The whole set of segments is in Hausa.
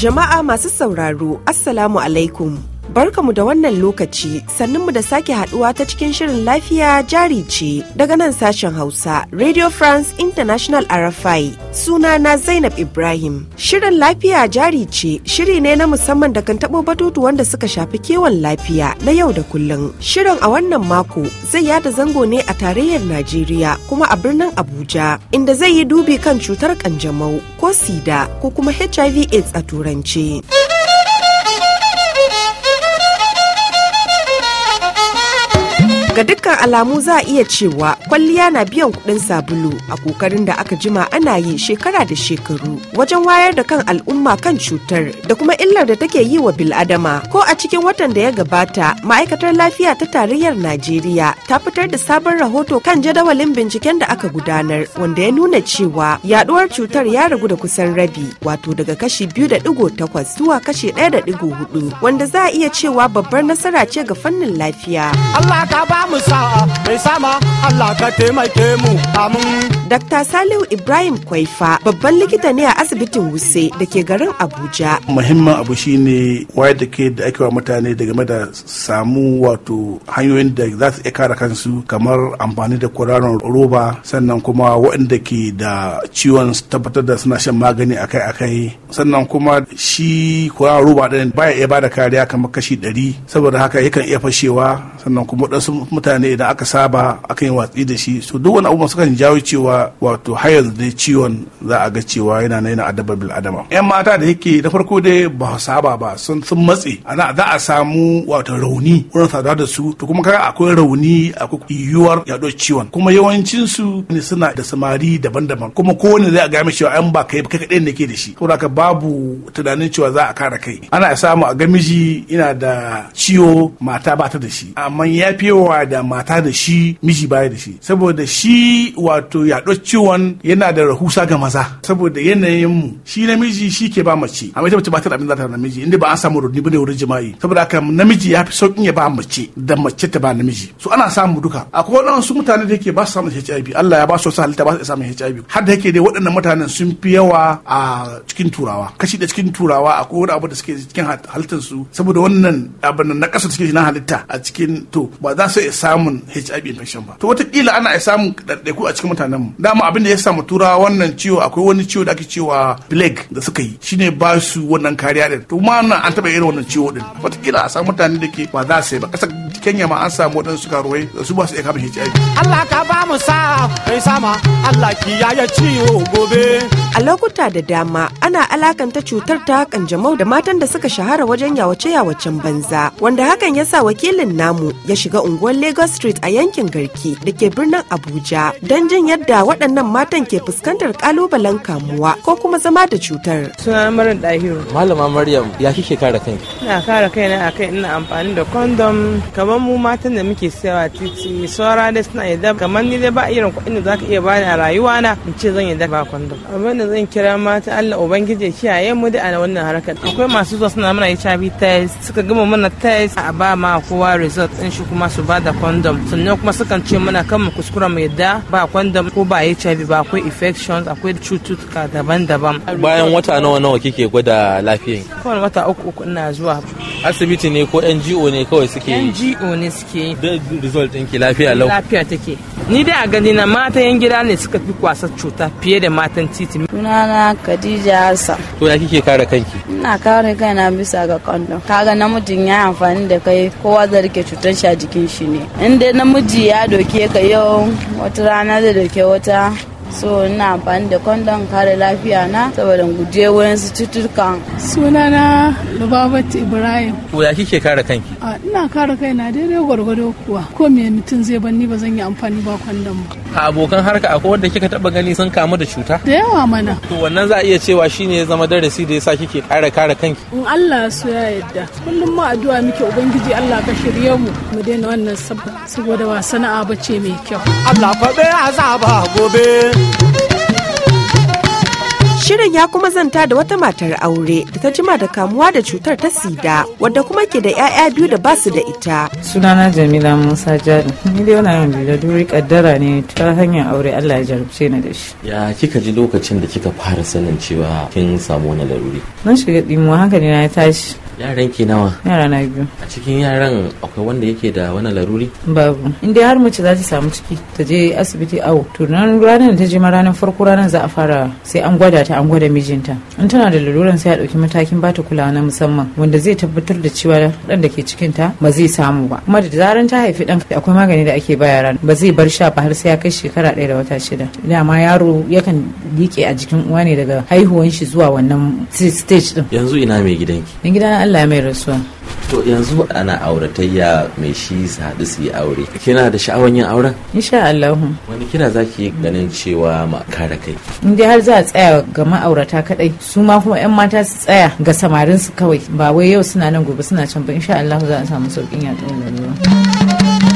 Jama'a masu sauraro, Assalamu alaikum. mu da wannan lokaci mu da sake haduwa ta cikin shirin lafiya jari ce daga nan sashen hausa radio france international rfi suna na zainab ibrahim shirin lafiya jari ce shiri ne na musamman da kan tabo batutu wanda suka shafi kewan lafiya na yau da kullum shirin a wannan mako zai yada zango ne a tarayyar najeriya kuma a birnin abuja inda zai yi dubi kan cutar kanjamau ko sida ko kuma hiv aids a turance. Ga dukkan alamu za a iya cewa kwalliya na biyan kuɗin sabulu a kokarin da aka jima ana yi shekara da shekaru wajen wayar da kan al'umma kan cutar da kuma illar da take yi wa bil'adama. Ko a cikin watan da ya gabata, ma'aikatar lafiya ta tarayyar Najeriya ta fitar da sabon rahoto kan jadawalin binciken da aka gudanar wanda ya nuna cewa yaduwar cutar ya ragu da kusan rabi wato daga kashi biyu da digo takwas zuwa kashi ɗaya da digo hudu wanda za a iya cewa babbar nasara ce ga fannin lafiya. Allah ka ba ba mu sa'a mai sama Allah ka taimake mu amin. Dr. Salihu Ibrahim Kwaifa babban likita ne a asibitin Wuse da ke garin Abuja. Muhimmin abu shine wayar da ke da ake wa mutane da game da samu wato hanyoyin da za su iya kare kansu kamar amfani da kwararon roba sannan kuma waɗanda ke da ciwon tabbatar da suna shan magani akai-akai sannan kuma shi kwararon roba ɗin baya iya bada kariya kamar kashi ɗari saboda haka yakan iya fashewa sannan kuma mutane idan aka saba aka yi watsi da shi so duk wani abubuwan sukan jawo cewa wato har yanzu dai ciwon za a ga cewa yana na yana adabar bil adama yan mata da yake da farko dai ba saba ba sun sun matse ana za a samu wato rauni wurin sadar da su to kuma kaga akwai rauni akwai yiwuwar yaɗo ciwon kuma yawancin su ne suna da samari daban-daban kuma kowane zai ga mai cewa an ba kai kai kaɗai ne ke da shi saboda ka babu tunanin cewa za a kare kai ana samu a ga miji yana da ciwo mata ba ta da shi amma ya fi yawa yana da mata da shi miji baya da shi saboda shi wato yaɗo ciwon yana da rahusa ga maza saboda yanayin mu shi namiji shi ke ba mace amma ita mace ba ta da abin da ta namiji inda ba an samu rudi bane wurin jima'i saboda haka namiji ya fi sauƙin ya ba mace da mace ta ba namiji so ana samu duka akwai su mutane da yake ba su samu HIV Allah ya ba su wasu halitta ba su samu HIV har da yake dai waɗannan mutanen sun fi yawa a cikin turawa kashi da cikin turawa akwai wani abu da suke cikin halittar su saboda wannan abin na ƙasa suke na halitta a cikin to ba za su iya samun HIV infection ba to wataƙila ana iya samun ɗaiɗaiku a cikin mutanen mu dama abin da ya samu tura wannan ciwo akwai wani ciwo da ake cewa plague da suka yi shine ba su wannan kariya din to ma nan an taɓa irin wannan ciwo din wataƙila a samu mutane da ke ba za su yi ba kasa Kenya ma an samu waɗansu karuwai da su ba su iya kama HIV Allah ka ba mu sa kai sama Allah kiyaye ciwo gobe a lokuta da dama ana alakanta cutar ta kanjamau da matan da suka shahara wajen yawace-yawacen banza wanda hakan ya sa wakilin namu ya shiga unguwar Lagos Street a yankin Garki da ke birnin Abuja don jin yadda waɗannan matan ke fuskantar kalubalen kamuwa ko kuma zama da cutar. Suna Maryam Dahiru. Malama Maryam ya kike kare kai. Ina kare na akai ina amfani da kondom kamar mu matan da muke sayawa titi saura da suna yadda kamar ni dai ba irin kuɗin da zaka iya bani a rayuwa na in ce zan yadda ba kondom. Abin da zan kira mata Allah ubangiji kiyaye mu da a wannan harkar. Akwai masu zuwa suna mana HIV test suka gama mana test a ba ma kowa result ɗin shi kuma su ba da da condom sannan kuma sukan ce mana kan mu kuskura mu yadda ba kondom ko ba HIV ba akwai infections akwai cututtuka daban-daban bayan wata nawa nawa kike gwada lafiyan kawai wata uku uku ina zuwa asibiti ne ko NGO ne kawai suke NGO ne suke da result ɗinki lafiya lau lafiya take ni da a gani na matan yan gida ne suka fi kwasa cuta fiye da matan titi sunana khadija hassan to ya kike kare kanki ina kare kaina bisa ga kondom kaga namijin ya amfani da kai kowa zai rike cutar shi a jikin shi ne in dai namiji ya doke ka yau wata rana zai doke wata so ina amfani da kwandon kare lafiya na saboda guje wurin su cututtukan sunana lubabat ibrahim ya kike kare kanki ina kare kaina daidai gwargwado kuwa ko me mutum zai ban ni ba zan yi amfani ba kwandon ba a abokan harka akwai wanda kika taba gani sun kamu da cuta da yawa mana to wannan za a iya cewa shine ya zama darasi da yasa kike kare kare kanki in Allah su ya yarda kullum ma addu'a muke ubangiji Allah ka shirye mu mu daina wannan saboda wa sana'a bace mai kyau Allah faɗe azaba gobe Shirin ya kuma zanta da wata matar aure da ta jima da kamuwa da cutar ta sida wadda kuma ke da 'ya'ya biyu da ba su da ita. Sunana Jamila Musa Jari, ni dai wani yanzu da duri kaddara ne ta hanyar aure Allah ya jarabce ni da shi. Ya kika ji lokacin da kika fara sanin cewa kin samu wani laruri? Mun shiga dimuwa haka ne na tashi yaran ke nawa yara na biyu a cikin yaran akwai wanda yake da wani laruri babu inda har mace za ta samu ciki ta je asibiti awo to nan ranar ta je ma ranar farko ranar za a fara sai an gwada ta an gwada mijinta in tana da laruran sai a ɗauki matakin ba ta kulawa na musamman wanda zai tabbatar da cewa ɗan da ke cikin ta ba zai samu ba kuma da zaran ta haifi ɗan akwai magani da ake ba rana ba zai bar sha ba har sai ya kai shekara ɗaya da wata shida dama yaro yakan liƙe a jikin uwa ne daga haihuwan shi zuwa wannan stage din yanzu ina mai gidanki Allah mai rasuwa to yanzu ana auratayya mai shi su haɗu su yi aure kina da sha'awar yin auren insha Allah wani kira zaki ganin cewa ma kare kai in dai har za a tsaya ga ma'aurata kaɗai su ma kuma yan mata su tsaya ga samarin su kawai ba wai yau suna nan gobe suna can ba insha Allah za a samu sauƙin saukin da ruwan.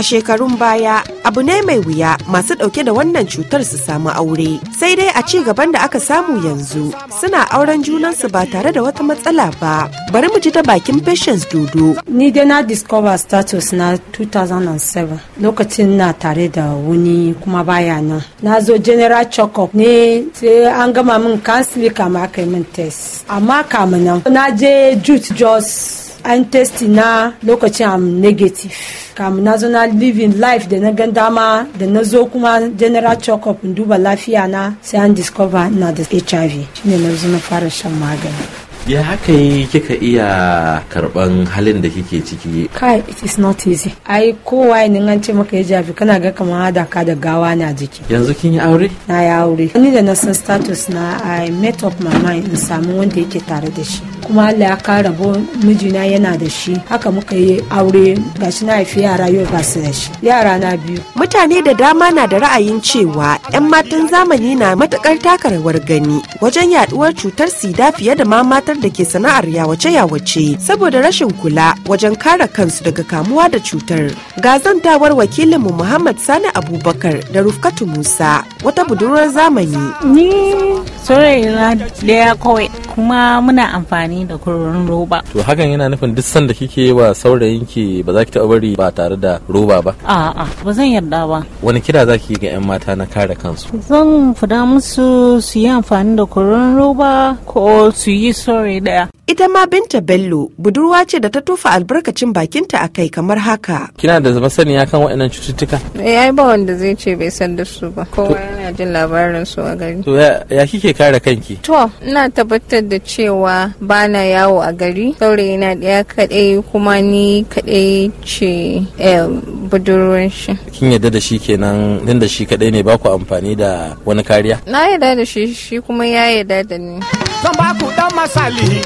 A shekarun baya abu ne mai wuya masu ɗauke da wannan cutar su samu aure. Sai dai a ci gaban da aka samu yanzu suna auren junansu ba tare da wata matsala ba. Bari mu ji ta bakin Patience Dodo. Ni dai na discover status na 2007 lokacin na tare da wuni kuma baya nan. Na zo general check ne sai an gama min kansili kama aka yi min test. Amma kamunan na je jute Jos an testi na lokacin am negative kam na zo na living life da na gan dama da na zo kuma general check-up in duba lafiya na sai an discover na da hiv shine na zo na fara shan magani ya haka yi kika iya karban halin da kike ciki kai it is not easy ai kowa ne an ce maka ya jabi kana ga kamar hada ka da gawa na jiki yanzu kin yi aure na yi aure ni da na san status na i met up my mind in samu wanda yake tare da shi kuma Allah ya kara mijina yana da shi haka muka yi aure ga shi na haifi yara yau ba su da shi yara na biyu mutane da dama na da ra'ayin cewa 'yan matan zamani na matukar taka rawar gani wajen yaduwar cutar sida fiye da ma matar da ke sana'ar yawace yawace saboda rashin kula wajen kare kansu daga kamuwa da cutar ga zantawar wakilinmu Muhammad Sani Abubakar da Rufkatu Musa wata budurwar zamani ni da ya kawai kuma muna amfani amfani da kurorin roba to hakan yana nufin duk sanda kike wa saurayin ki ba za ki taɓa bari ba tare da roba ba a'a ba zan yarda ba wani kira za ki ga 'yan mata na kare kansu zan fada musu su yi amfani da kurorin roba ko su yi sore daya ita ma binta bello budurwa ce da ta tofa albarkacin bakinta a kai kamar haka kina da masaniya kan waɗannan cututtuka Ya eh, ai ba wanda zai ce bai san da su ba kowa yana jin labarin su a gari to ya kike kare kanki to ina tabbatar da cewa ba ana yawo a gari saurayi na ɗaya kaɗai kuma ni kaɗai ce eh, budurwar shi kin yadda da shi kenan din da shi kaɗai ne ba ku amfani da wani kariya na yadda da shi shi kuma ya yadda da ni zan ba ku dan masali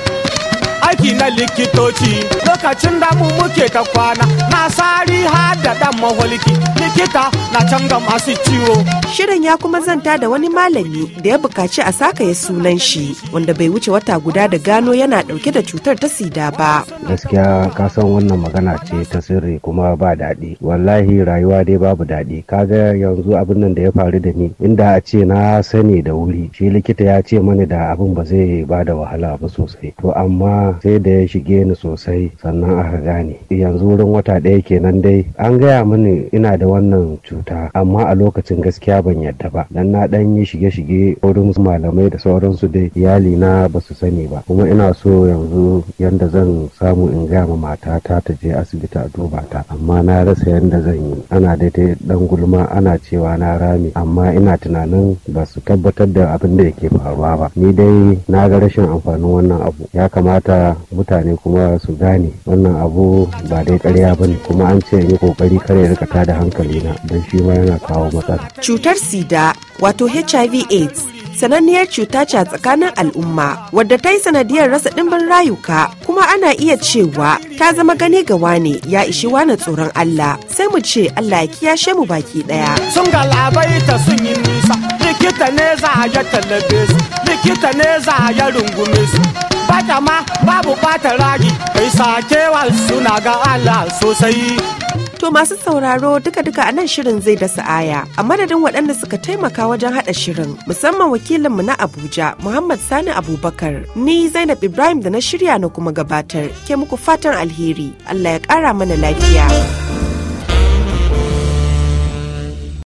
aiki na likitoci lokacin da mu muke ta kwana na sari har da dan maholiki likita na canza masu ciwo shirin ya kuma zanta da wani malami da ya bukaci a saka ya sunan shi wanda bai wuce wata guda da gano yana dauke da cutar ta sida ba gaskiya ka san wannan magana ce ta sirri kuma ba daɗi wallahi rayuwa dai babu daɗi kaga yanzu abin nan da ya faru da ni inda a ce na sani da wuri shi likita ya ce mani da abin ba zai ba da wahala ba sosai to amma sai da ya shige ni sosai sannan aka gane yanzu wurin wata ɗaya kenan dai an gaya mini ina da wannan cuta amma a lokacin gaskiya ban yadda ba dan na dan yi shige-shige wurin malamai da sauransu dai iyali na ba su sani ba kuma ina so yanzu yanda zan samu in gaya ma matata ta je asibiti a duba ta amma na rasa yanda zan yi ana daidai dan gulma ana cewa na rami. amma ina tunanin ba su tabbatar da abin da yake faruwa ba ni dai na ga rashin amfanin wannan abu ya kamata sa mutane kuma su gane wannan abu ba dai karya ba ne kuma an ce yi kokari kare rika da hankali na don shi ma yana kawo matsala. Cutar sida wato HIV AIDS sananniyar cuta ce a tsakanin al'umma wadda ta yi sanadiyar rasa ɗimbin rayuka kuma ana iya cewa ta zama gane ga wane ya ishi wane tsoron Allah sai mu ce Allah ya kiyashe mu baki ɗaya. Sun ga ta sun yi nisa likita ne za a ya talabe likita ne za a ya rungume fata ma babu fata ragi kai sakewar suna ga Allah sosai To masu sauraro duka-duka a nan shirin zai da sa'aya a madadin waɗanda suka taimaka wajen haɗa shirin musamman wakilinmu na Abuja Muhammad Sani Abubakar ni Zainab Ibrahim da na shirya na kuma gabatar ke muku fatan alheri Allah ya ƙara mana lafiya.